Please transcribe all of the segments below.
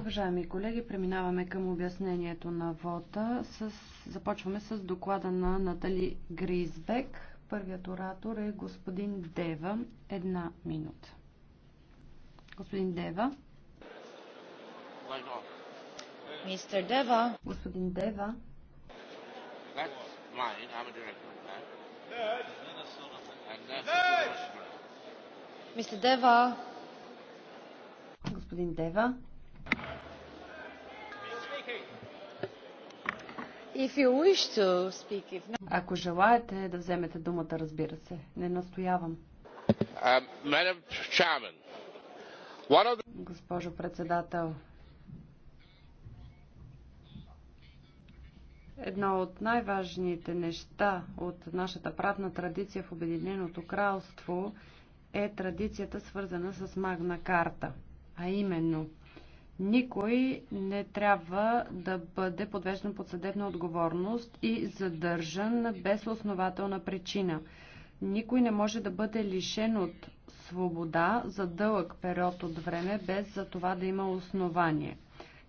Уважаеми колеги, преминаваме към обяснението на вота. С... Започваме с доклада на Натали Гризбек. Първият оратор е господин Дева. Една минута. Господин Дева. Мистер Дева. Господин Дева. Мистер Дева господин Дева. Speak, not... Ако желаете да вземете думата, разбира се. Не настоявам. Uh, the... Госпожо председател, едно от най-важните неща от нашата правна традиция в Обединеното кралство е традицията свързана с Магна Карта – а именно никой не трябва да бъде подвеждан под съдебна отговорност и задържан без основателна причина. Никой не може да бъде лишен от свобода за дълъг период от време без за това да има основание.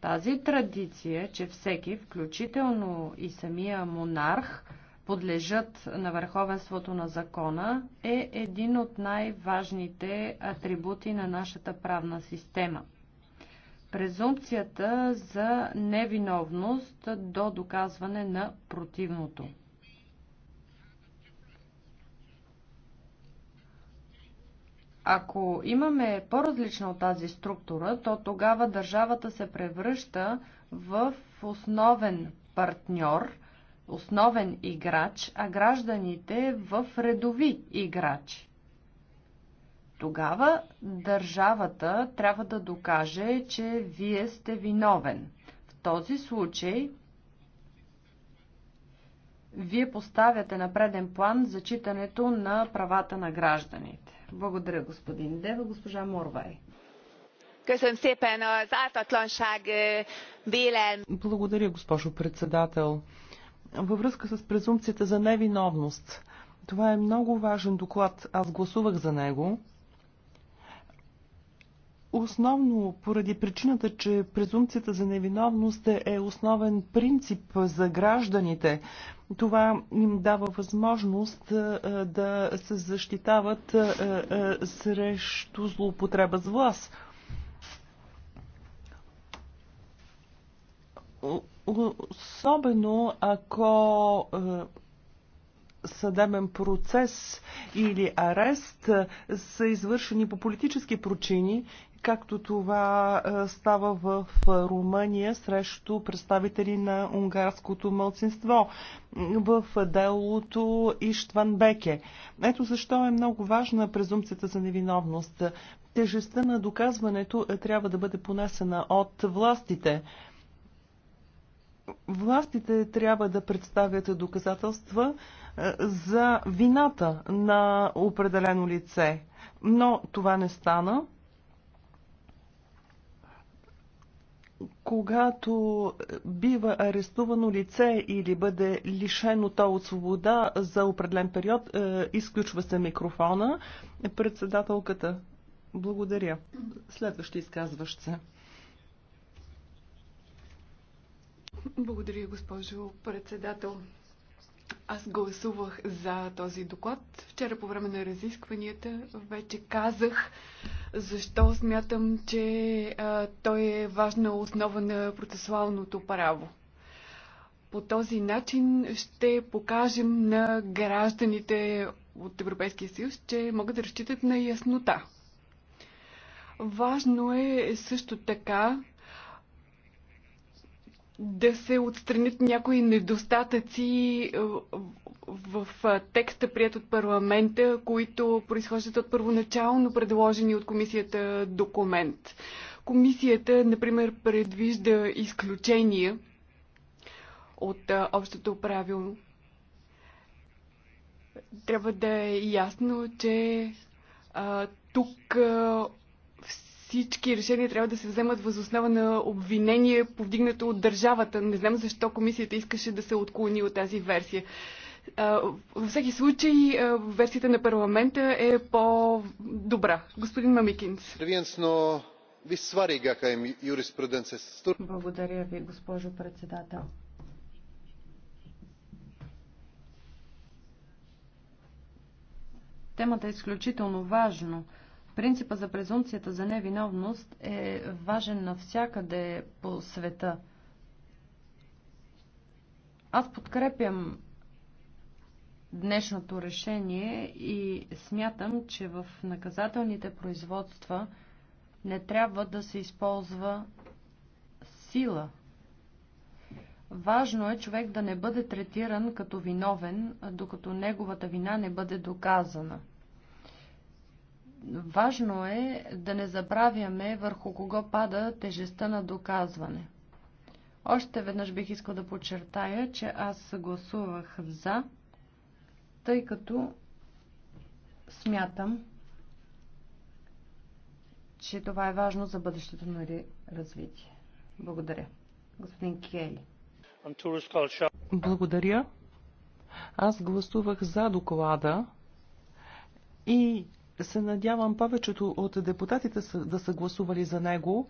Тази традиция, че всеки, включително и самия монарх, подлежат на върховенството на закона, е един от най-важните атрибути на нашата правна система. Презумпцията за невиновност до доказване на противното. Ако имаме по-различна от тази структура, то тогава държавата се превръща в основен партньор – основен играч, а гражданите в редови играчи. Тогава държавата трябва да докаже, че вие сте виновен. В този случай вие поставяте на преден план зачитането на правата на гражданите. Благодаря, господин Дева. Госпожа Морвай. Э, Благодаря, госпожо председател във връзка с презумпцията за невиновност. Това е много важен доклад. Аз гласувах за него. Основно поради причината, че презумпцията за невиновност е, е основен принцип за гражданите. Това им дава възможност е, е, да се защитават срещу злоупотреба с власт. Особено ако е, съдебен процес или арест е, са извършени по политически причини, както това е, става в Румъния срещу представители на унгарското мълцинство в делото Иштван Беке. Ето защо е много важна презумпцията за невиновност. Тежестта на доказването трябва да бъде понесена от властите властите трябва да представят доказателства е, за вината на определено лице. Но това не стана. когато бива арестувано лице или бъде лишено то от свобода за определен период, е, изключва се микрофона. Председателката, благодаря. Следващи изказващ се. Благодаря, госпожо председател. Аз гласувах за този доклад. Вчера по време на разискванията вече казах защо смятам, че а, той е важна основа на процесуалното право. По този начин ще покажем на гражданите от Европейския съюз, че могат да разчитат на яснота. Важно е също така да се отстранят някои недостатъци е, в текста, прият от парламента, които произхождат от първоначално предложени от комисията документ. Комисията, например, предвижда изключения от е, общото правило. Трябва да е ясно, че а, е, тук а, всички решения трябва да се вземат възоснова на обвинение, повдигнато от държавата. Не знам защо комисията искаше да се отклони от тази версия. Във всеки случай, версията на парламента е по-добра. Господин Мамикинс. Благодаря ви, госпожо председател. Темата е изключително важна. Принципа за презумпцията за невиновност е важен навсякъде по света. Аз подкрепям днешното решение и смятам, че в наказателните производства не трябва да се използва сила. Важно е човек да не бъде третиран като виновен, докато неговата вина не бъде доказана – важно е да не забравяме върху кого пада тежестта на доказване. Още веднъж бих искал да подчертая, че аз гласувах за, тъй като смятам, че това е важно за бъдещето на развитие. Благодаря. Господин Кели. Благодаря. Аз гласувах за доклада и се надявам повечето от депутатите да са гласували за него,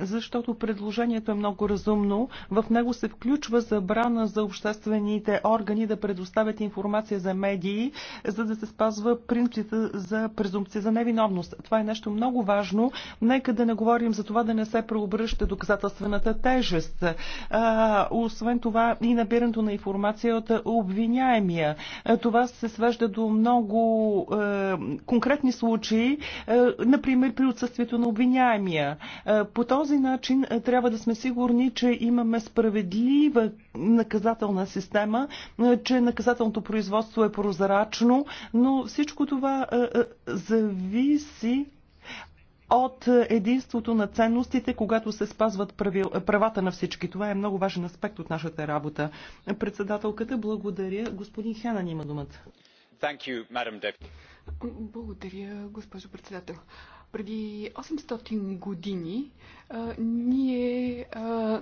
защото предложението е много разумно. В него се включва забрана за обществените органи да предоставят информация за медии, за да се спазва принципа за презумпция за невиновност. Това е нещо много важно. Нека да не говорим за това да не се преобръща доказателствената тежест. А, освен това и набирането на информация от обвиняемия. А, това се свежда до много е, конкретно конкретни случаи, е, например при отсъствието на обвиняемия. Е, по този начин е, трябва да сме сигурни, че имаме справедлива наказателна система, че наказателното производство е прозрачно, но всичко това зависи от единството на ценностите, когато се спазват правил, правата на всички. Това е много важен аспект от нашата работа. Председателката, благодаря. Господин Хенан има думата. Благодаря, госпожо председател. Преди 800 години а, ние а,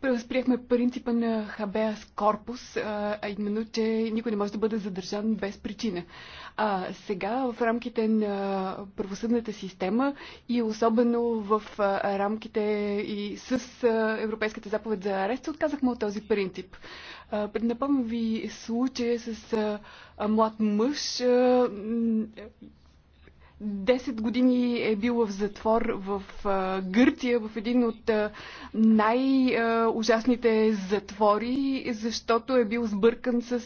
Превъзприехме принципа на хабеас корпус, а именно, че никой не може да бъде задържан без причина. А сега в рамките на правосъдната система и особено в рамките и с Европейската заповед за арест отказахме от този принцип. Напомням ви случая с млад мъж, 10 години е бил в затвор в Гърция, в един от най-ужасните затвори, защото е бил сбъркан с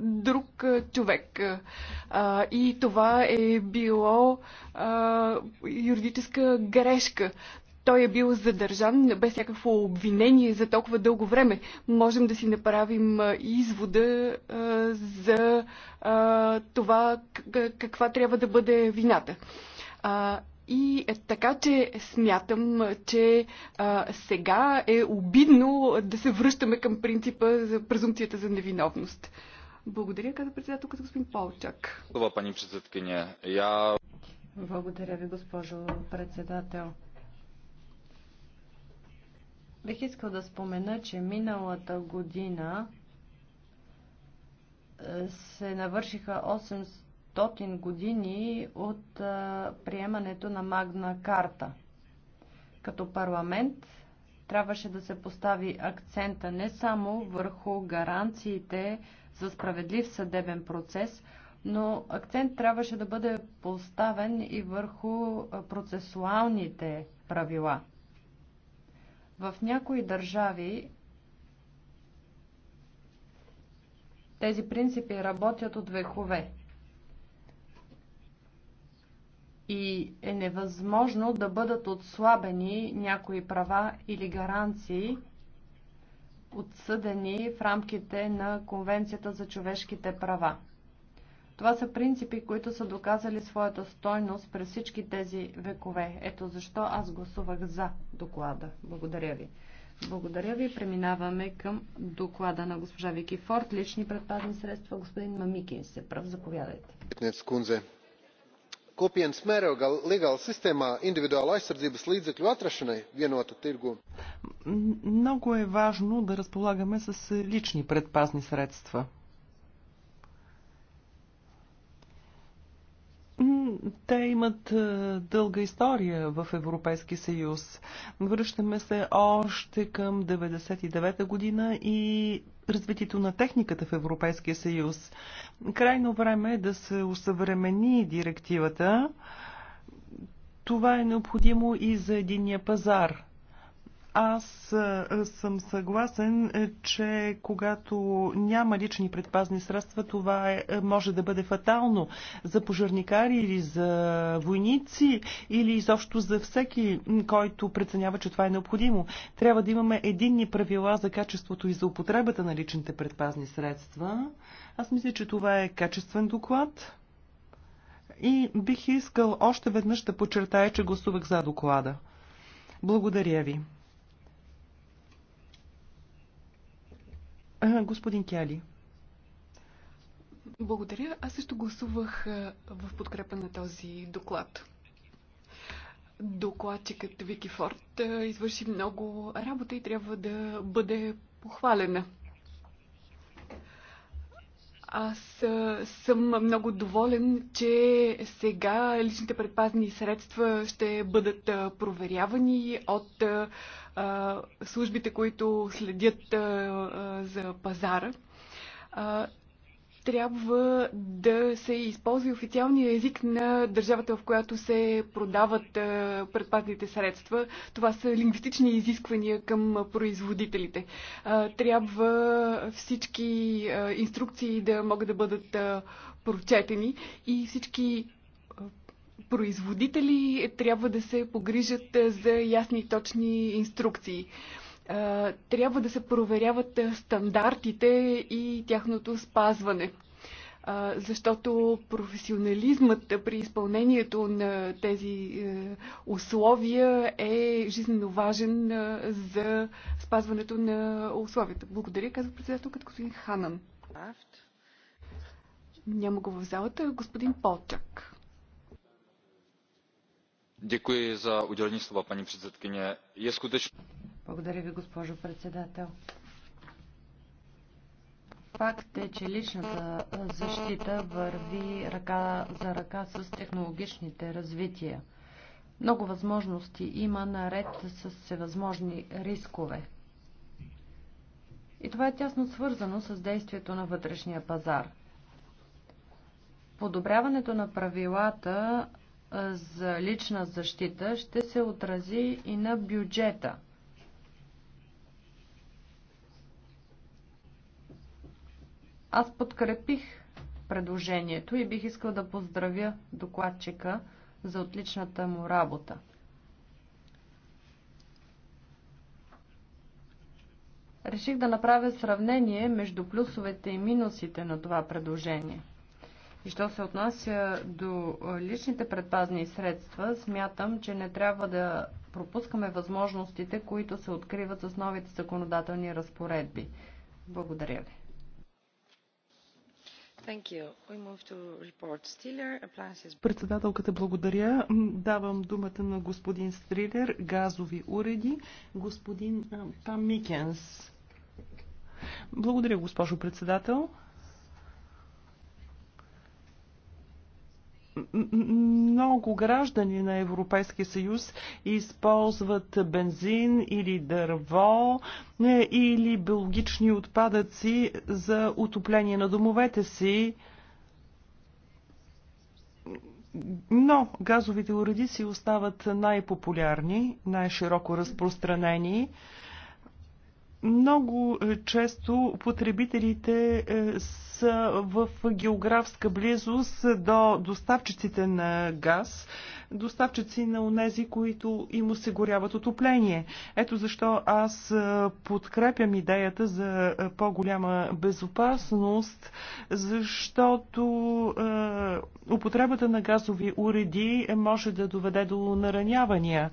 друг човек. И това е било юридическа грешка той е бил задържан без всякакво обвинение за толкова дълго време. Можем да си направим извода за това каква трябва да бъде вината. И е така, че смятам, че а, сега е обидно да се връщаме към принципа за презумпцията за невиновност. Благодаря, каза председател, като господин Полчак. Благодаря, пани председателя. Я... Благодаря ви, госпожо председател. Бих искал да спомена, че миналата година е, се навършиха 800 години от е, приемането на Магна Карта. Като парламент трябваше да се постави акцента не само върху гаранциите за справедлив съдебен процес, но акцент трябваше да бъде поставен и върху е, процесуалните правила – в някои държави тези принципи работят от векове. И е невъзможно да бъдат отслабени някои права или гаранции, отсъдени в рамките на Конвенцията за човешките права. Това са принципи, които са доказали своята стойност през всички тези векове. Ето защо аз гласувах за доклада. Благодаря ви. Благодаря ви. Преминаваме към доклада на госпожа Вики Форд. Лични предпазни средства. Господин Мамикин се прав. Заповядайте. Kopienas mēroga legāla sistēmā individuāla aizsardzības līdzekļu atrašanai vienota tirgu. Много е важно да разполагаме с лични предпазни средства. Те имат е, дълга история в Европейски съюз. Връщаме се още към 99-та година и развитието на техниката в Европейския съюз. Крайно време е да се усъвремени директивата. Това е необходимо и за единния пазар. Аз съм съгласен, е, че когато няма лични предпазни средства, това е, е, може да бъде фатално за пожарникари или за войници или изобщо за всеки, който преценява, че това е необходимо. Трябва да имаме единни правила за качеството и за употребата на личните предпазни средства. Аз мисля, че това е качествен доклад. И бих искал още веднъж да подчертая, че гласувах за доклада. Благодаря ви. Господин Кяли. Благодаря. Аз също гласувах в подкрепа на този доклад. Докладчикът Вики Форд извърши много работа и трябва да бъде похвалена. Аз съм много доволен, че сега личните предпазни средства ще бъдат проверявани от службите, които следят за пазара трябва да се използва официалния език на държавата, в която се продават предпазните средства. Това са лингвистични изисквания към производителите. Трябва всички инструкции да могат да бъдат прочетени и всички производители трябва да се погрижат за ясни и точни инструкции трябва да се проверяват стандартите и тяхното спазване. Защото професионализмът при изпълнението на тези е, условия е жизненно важен е, за спазването на условията. Благодаря, казва председателката господин Ханан. Няма го в залата. Господин Полчак paní předsedkyně. je skutečně. Благодаря ви, госпожо председател. Факт е, че личната защита върви ръка за ръка с технологичните развития. Много възможности има наред с всевъзможни рискове. И това е тясно свързано с действието на вътрешния пазар. Подобряването на правилата за лична защита ще се отрази и на бюджета – Аз подкрепих предложението и бих искал да поздравя докладчика за отличната му работа. Реших да направя сравнение между плюсовете и минусите на това предложение. И що се отнася до личните предпазни средства, смятам, че не трябва да пропускаме възможностите, които се откриват с новите законодателни разпоредби. Благодаря ви. Председателката благодаря. Давам думата на господин Стрилер, газови уреди, господин Памикенс. Благодаря, госпожо председател. много граждани на Европейския съюз използват бензин или дърво е, или биологични отпадъци за отопление на домовете си. Но газовите уреди си остават най-популярни, най-широко разпространени. Много е, често потребителите е, са в географска близост до доставчиците на газ, доставчици на онези, които им осигуряват отопление. Ето защо аз е, подкрепям идеята за е, по-голяма безопасност, защото е, употребата на газови уреди може да доведе до наранявания.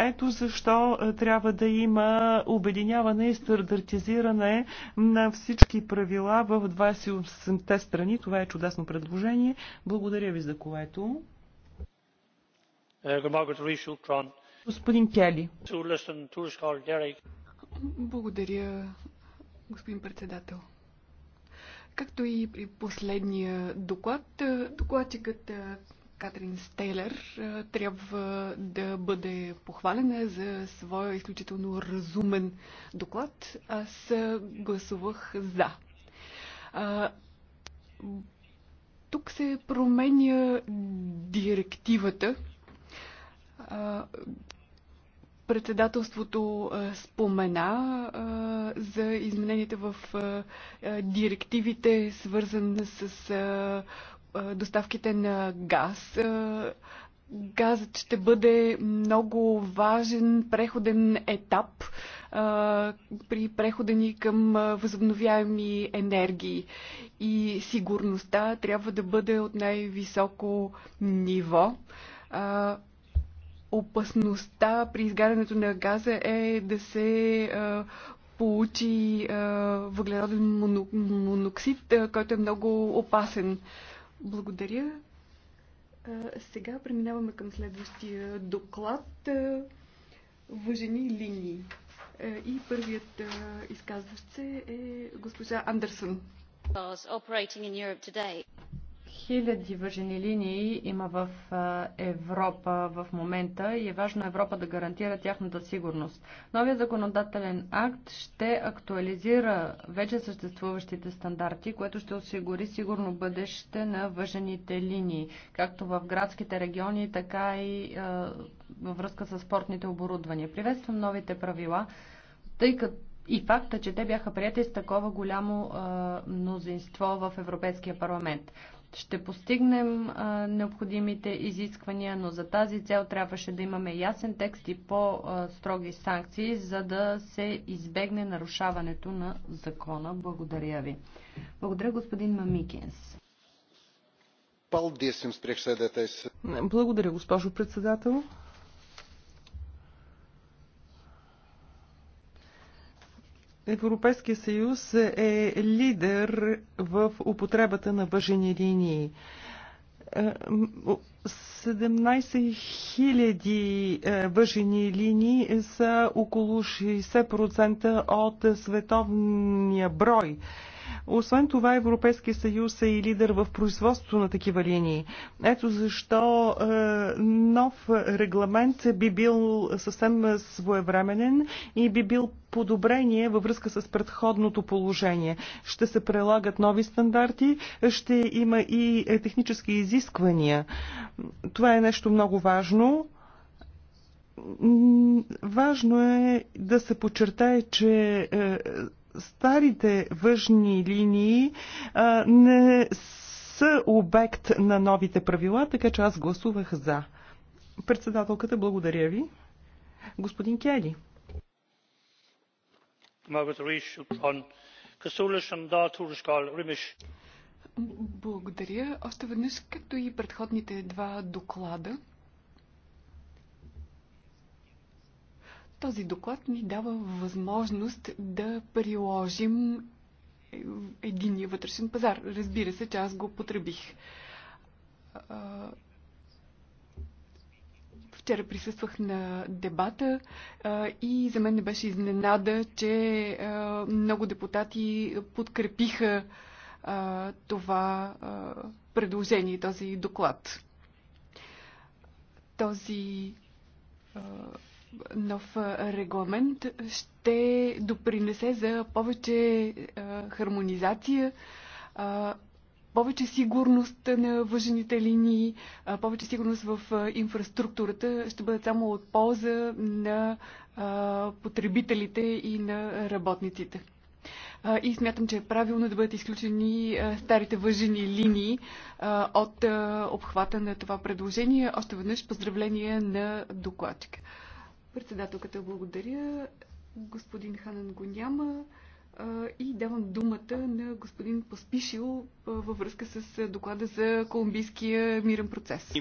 Ето защо е, трябва да има обединяване и стандартизиране на всички правила в 28-те страни. Това е чудесно предложение. Благодаря ви за което. Eh, господин Кели. Благодаря, господин председател. Както и при последния доклад, е, докладчикът е, Катрин Стейлер е, трябва да бъде похвалена за своя изключително разумен доклад. Аз гласувах за. тук се променя директивата Председателството спомена за измененията в директивите, свързани с доставките на газ. Газът ще бъде много важен преходен етап а, при прехода ни към възобновяеми енергии. И сигурността трябва да бъде от най-високо ниво. А, опасността при изгарянето на газа е да се получи въглероден моноксид, който е много опасен. Благодаря. сега преминаваме към следващия доклад. въжени линии. и първият изказващ се е госпожа Андерсон хиляди въжени линии има в Европа в момента и е важно Европа да гарантира тяхната сигурност. Новия законодателен акт ще актуализира вече съществуващите стандарти, което ще осигури сигурно бъдеще на въжените линии, както в градските региони, така и във връзка с спортните оборудвания. Приветствам новите правила, тъй като и факта, че те бяха прияти с такова голямо а, мнозинство в Европейския парламент ще постигнем а, необходимите изисквания, но за тази цел трябваше да имаме ясен текст и по-строги санкции, за да се избегне нарушаването на закона. Благодаря ви. Благодаря, господин Мамикинс. Благодаря, госпожо председател. Европейския съюз е лидер в употребата на въжени линии. 17 е, 000 е, въжени линии са около 60% от световния брой. Освен това, Европейския съюз е и лидер в производство на такива линии. Ето защо е, нов регламент би бил съвсем своевременен и би бил подобрение във връзка с предходното положение. Ще се прилагат нови стандарти, ще има и е, технически изисквания. Това е нещо много важно. Важно е да се подчертае, че е, старите въжни линии а, не са обект на новите правила, така че аз гласувах за. Председателката, благодаря ви. Господин Кели. Благодаря. Още веднъж, както и предходните два доклада, Този доклад ни дава възможност да приложим единния вътрешен пазар. Разбира се, че аз го потребих. Вчера присъствах на дебата и за мен не беше изненада, че много депутати подкрепиха това предложение, този доклад. Този нов регламент ще допринесе за повече хармонизация, повече сигурност на въжените линии, повече сигурност в инфраструктурата ще бъдат само от полза на потребителите и на работниците. И смятам, че е правилно да бъдат изключени старите въжени линии от обхвата на това предложение. Още веднъж поздравления на докладчика. Председателката благодаря. Господин Ханан го няма. И давам думата на господин Поспишил във връзка с доклада за колумбийския мирен процес.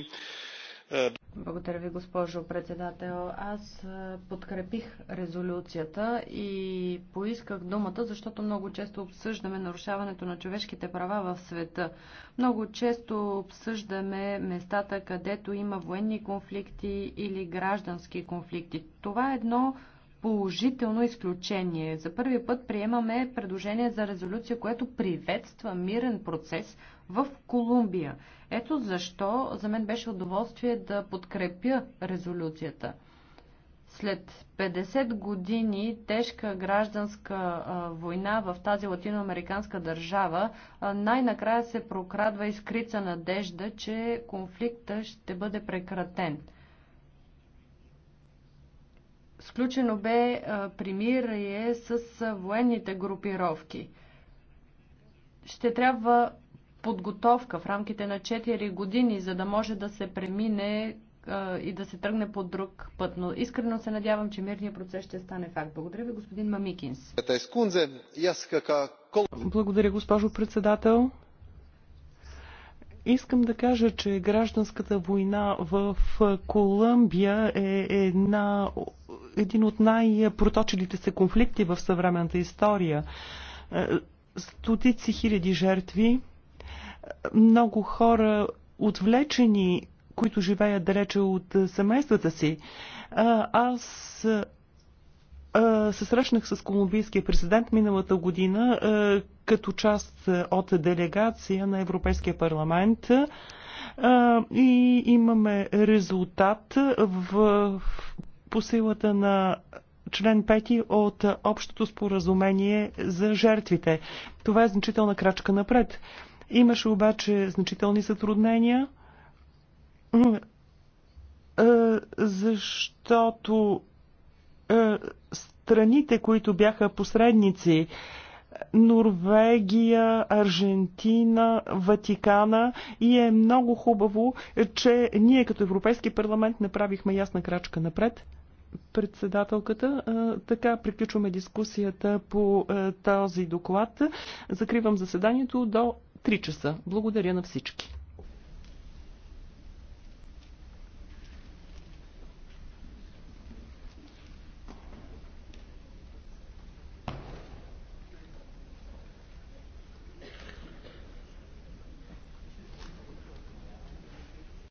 Благодаря ви, госпожо председател. Аз подкрепих резолюцията и поисках думата, защото много често обсъждаме нарушаването на човешките права в света. Много често обсъждаме местата, където има военни конфликти или граждански конфликти. Това е едно положително изключение. За първи път приемаме предложение за резолюция, което приветства мирен процес в Колумбия. Ето защо за мен беше удоволствие да подкрепя резолюцията. След 50 години тежка гражданска война в тази латиноамериканска държава, най-накрая се прокрадва искрица надежда, че конфликта ще бъде прекратен – Сключено бе примирие с военните групировки. Ще трябва подготовка в рамките на 4 години, за да може да се премине и да се тръгне по друг път. Но искрено се надявам, че мирният процес ще стане факт. Благодаря ви, господин Мамикинс. Благодаря, госпожо председател. Искам да кажа, че гражданската война в Колумбия е една един от най-проточилите се конфликти в съвременната история. Е, стотици хиляди жертви, е, много хора отвлечени, които живеят далече от е, семействата си. Аз се срещнах с колумбийския президент миналата година като част от делегация на Европейския парламент и имаме резултат в по силата на член 5 от Общото споразумение за жертвите. Това е значителна крачка напред. Имаше обаче значителни затруднения, е, защото е, страните, които бяха посредници, Норвегия, Аржентина, Ватикана и е много хубаво, че ние като Европейски парламент направихме ясна крачка напред председателката. Така приключваме дискусията по този доклад. Закривам заседанието до 3 часа. Благодаря на всички.